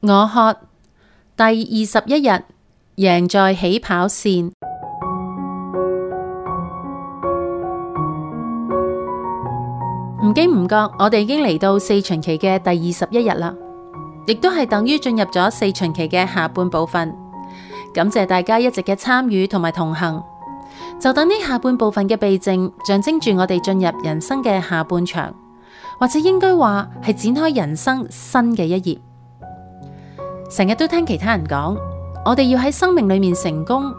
我渴第二十一日，贏在起跑線。唔 經唔覺，我哋已經嚟到四旬期嘅第二十一日啦，亦都係等於進入咗四旬期嘅下半部分。感謝大家一直嘅參與同埋同行，就等呢下半部分嘅避靜象徵住我哋進入人生嘅下半場，或者應該話係展開人生新嘅一頁。成日都聽其他人講，我哋要喺生命裏面成功，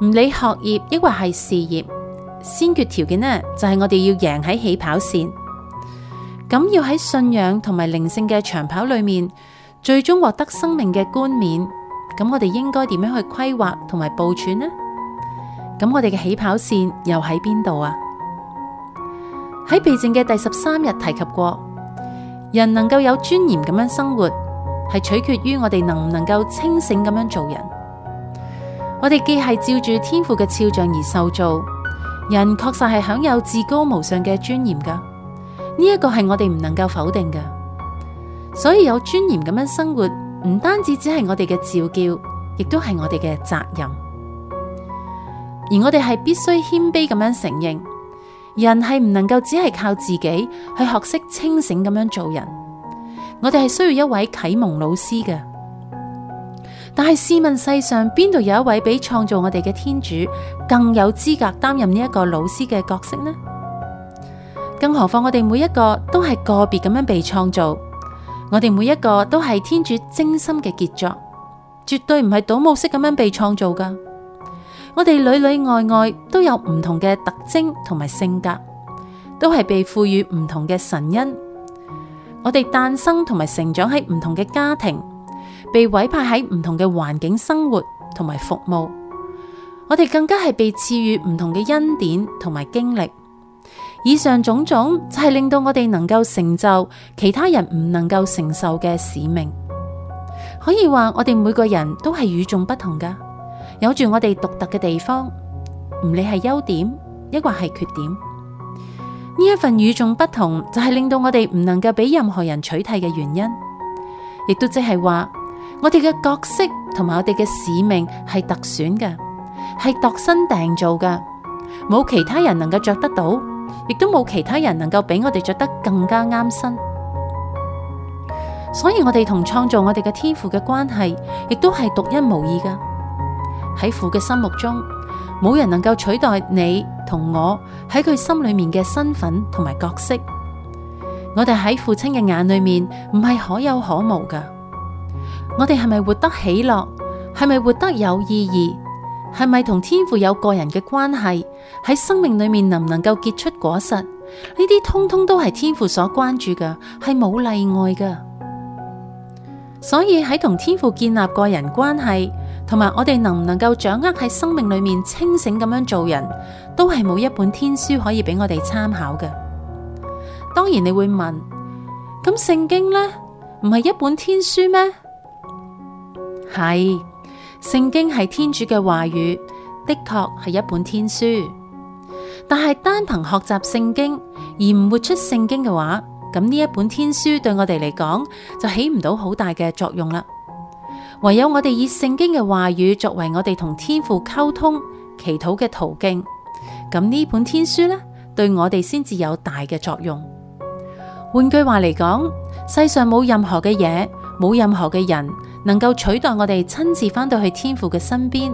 唔理學業抑或係事業，先決條件呢就係、是、我哋要贏喺起跑線。咁要喺信仰同埋靈性嘅長跑裏面，最終獲得生命嘅冠冕，咁我哋應該點樣去規劃同埋部署呢？咁我哋嘅起跑線又喺邊度啊？喺避靜嘅第十三日提及過，人能夠有尊嚴咁樣生活，係取決於我哋能唔能夠清醒咁樣做人。我哋既係照住天父嘅肖像而受造，人確實係享有至高無上嘅尊嚴噶。呢一個係我哋唔能夠否定嘅。所以有尊嚴咁樣生活，唔單止只係我哋嘅召叫，亦都係我哋嘅責任。而我哋係必須謙卑咁樣承認，人係唔能夠只係靠自己去學識清醒咁樣做人。我哋係需要一位啟蒙老師嘅，但係試問世上邊度有一位比創造我哋嘅天主更有資格擔任呢一個老師嘅角色呢？更何況我哋每一個都係個別咁樣被創造，我哋每一個都係天主精心嘅傑作，絕對唔係倒模式咁樣被創造噶。我哋裏裏外外都有唔同嘅特徵同埋性格，都係被賦予唔同嘅神恩。我哋誕生同埋成長喺唔同嘅家庭，被委派喺唔同嘅環境生活同埋服務。我哋更加係被賜予唔同嘅恩典同埋經歷。以上種種就係令到我哋能夠成就其他人唔能夠承受嘅使命。可以話我哋每個人都係與眾不同噶，有住我哋獨特嘅地方，唔理係優點抑或係缺點。呢一份與眾不同，就係令到我哋唔能夠俾任何人取替嘅原因，亦都即係話我哋嘅角色同埋我哋嘅使命係特選嘅，係度身訂造嘅，冇其他人能夠着得到，亦都冇其他人能夠俾我哋着得更加啱身。所以我哋同創造我哋嘅天父嘅關係，亦都係獨一無二噶。喺父嘅心目中，冇人能夠取代你。同我喺佢心裏面嘅身份同埋角色，我哋喺父親嘅眼裏面唔係可有可無噶。我哋係咪活得喜樂？係咪活得有意義？係咪同天父有個人嘅關係？喺生命裏面能唔能夠結出果實？呢啲通通都係天父所關注嘅，係冇例外嘅。所以喺同天父建立個人關係。同埋，我哋能唔能夠掌握喺生命裏面清醒咁樣做人，都係冇一本天書可以俾我哋參考嘅。當然你會問，咁聖經呢？唔係一本天書咩？係，聖經係天主嘅話語，的確係一本天書。但係單憑學習聖經而唔活出聖經嘅話，咁呢一本天書對我哋嚟講就起唔到好大嘅作用啦。唯有我哋以聖經嘅話語作為我哋同天父溝通、祈禱嘅途徑，咁呢本天書咧，對我哋先至有大嘅作用。換句話嚟講，世上冇任何嘅嘢，冇任何嘅人能夠取代我哋親自翻到去天父嘅身邊，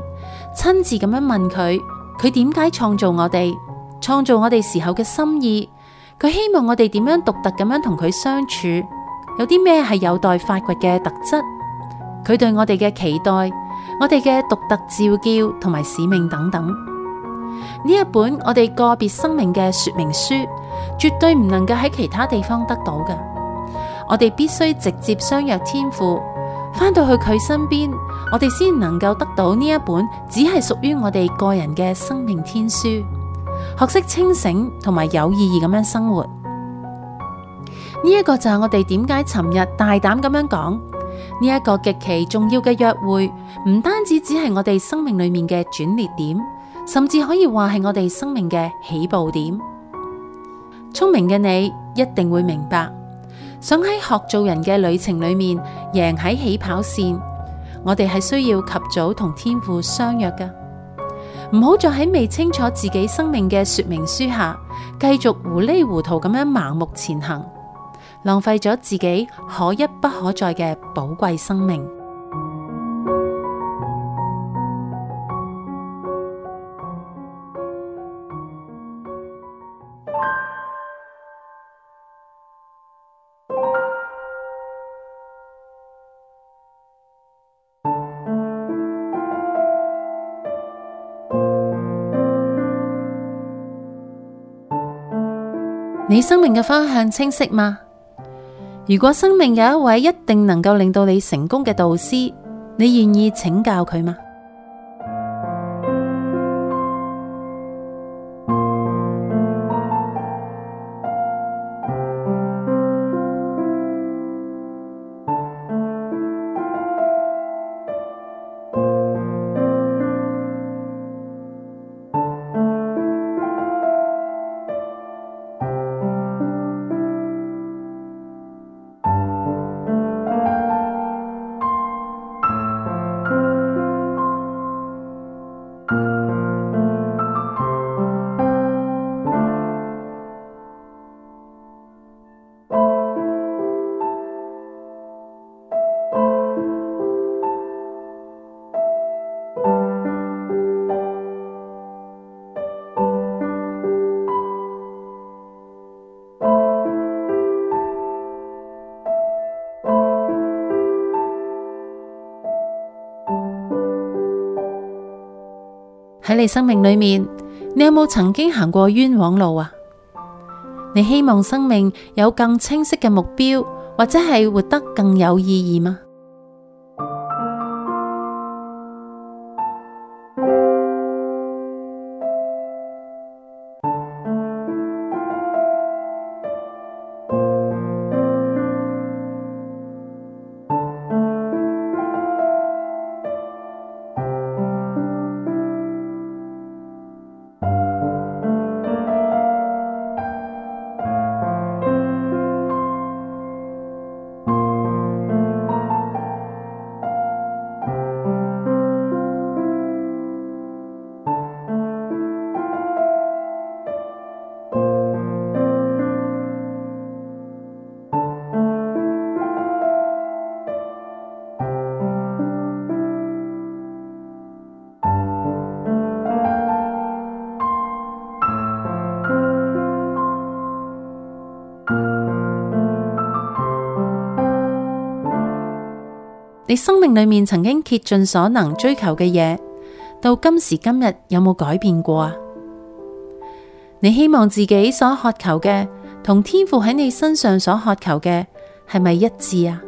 親自咁樣問佢，佢點解創造我哋，創造我哋時候嘅心意，佢希望我哋點樣獨特咁樣同佢相處，有啲咩係有待發掘嘅特質。佢對我哋嘅期待，我哋嘅獨特召叫同埋使命等等，呢一本我哋個別生命嘅說明書，絕對唔能夠喺其他地方得到嘅。我哋必須直接相約天父，翻到去佢身邊，我哋先能夠得到呢一本只係屬於我哋個人嘅生命天書，學識清醒同埋有意義咁樣生活。呢一個就係我哋點解尋日大膽咁樣講。呢一個極其重要嘅約會，唔單止只係我哋生命裏面嘅轉捩點，甚至可以話係我哋生命嘅起步點。聰明嘅你，一定會明白，想喺學做人嘅旅程裏面贏喺起跑線，我哋係需要及早同天父相約嘅。唔好再喺未清楚自己生命嘅說明書下，繼續糊裏糊塗咁樣盲目前行。浪費咗自己可一不可再嘅寶貴生命。你生命嘅方向清晰嗎？如果生命有一位一定能夠令到你成功嘅導師，你願意請教佢嗎？喺你生命裏面，你有冇曾經行過冤枉路啊？你希望生命有更清晰嘅目標，或者係活得更有意義嗎？你生命裏面曾經竭盡所能追求嘅嘢，到今時今日有冇改變過啊？你希望自己所渴求嘅，同天父喺你身上所渴求嘅，係咪一致啊？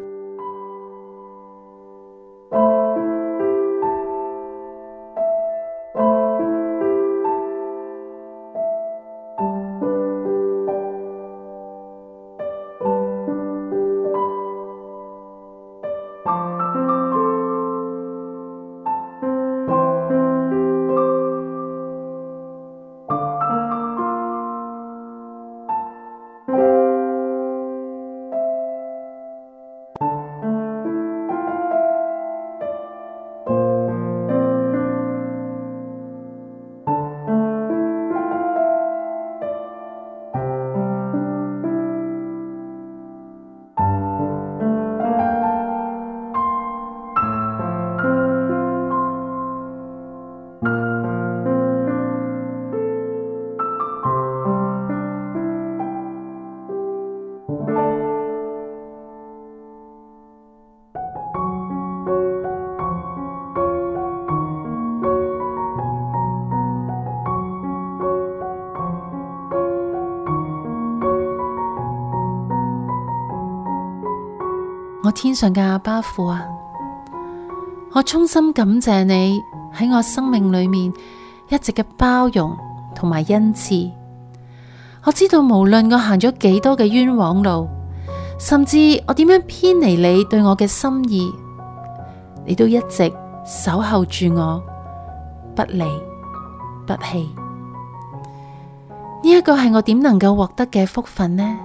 我天上嘅阿巴父啊，我衷心感謝你喺我生命裏面一直嘅包容同埋恩賜。我知道無論我行咗幾多嘅冤枉路，甚至我點樣偏離你對我嘅心意，你都一直守候住我，不離不棄。呢一個係我點能夠獲得嘅福分呢？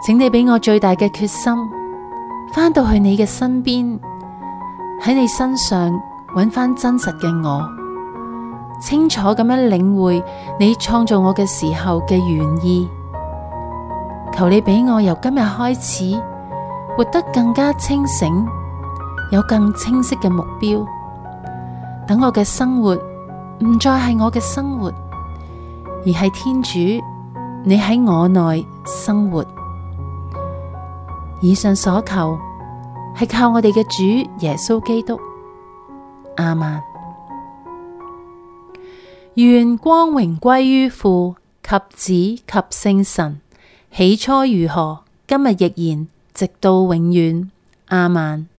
請你畀我最大嘅決心，翻到去你嘅身邊，喺你身上揾翻真實嘅我，清楚咁樣領會你創造我嘅時候嘅原意。求你俾我由今日開始活得更加清醒，有更清晰嘅目標，等我嘅生活唔再係我嘅生活，而係天主你喺我內生活。以上所求係靠我哋嘅主耶穌基督，亞孟。願光榮歸於父及子及聖神，起初如何，今日亦然，直到永遠，亞孟。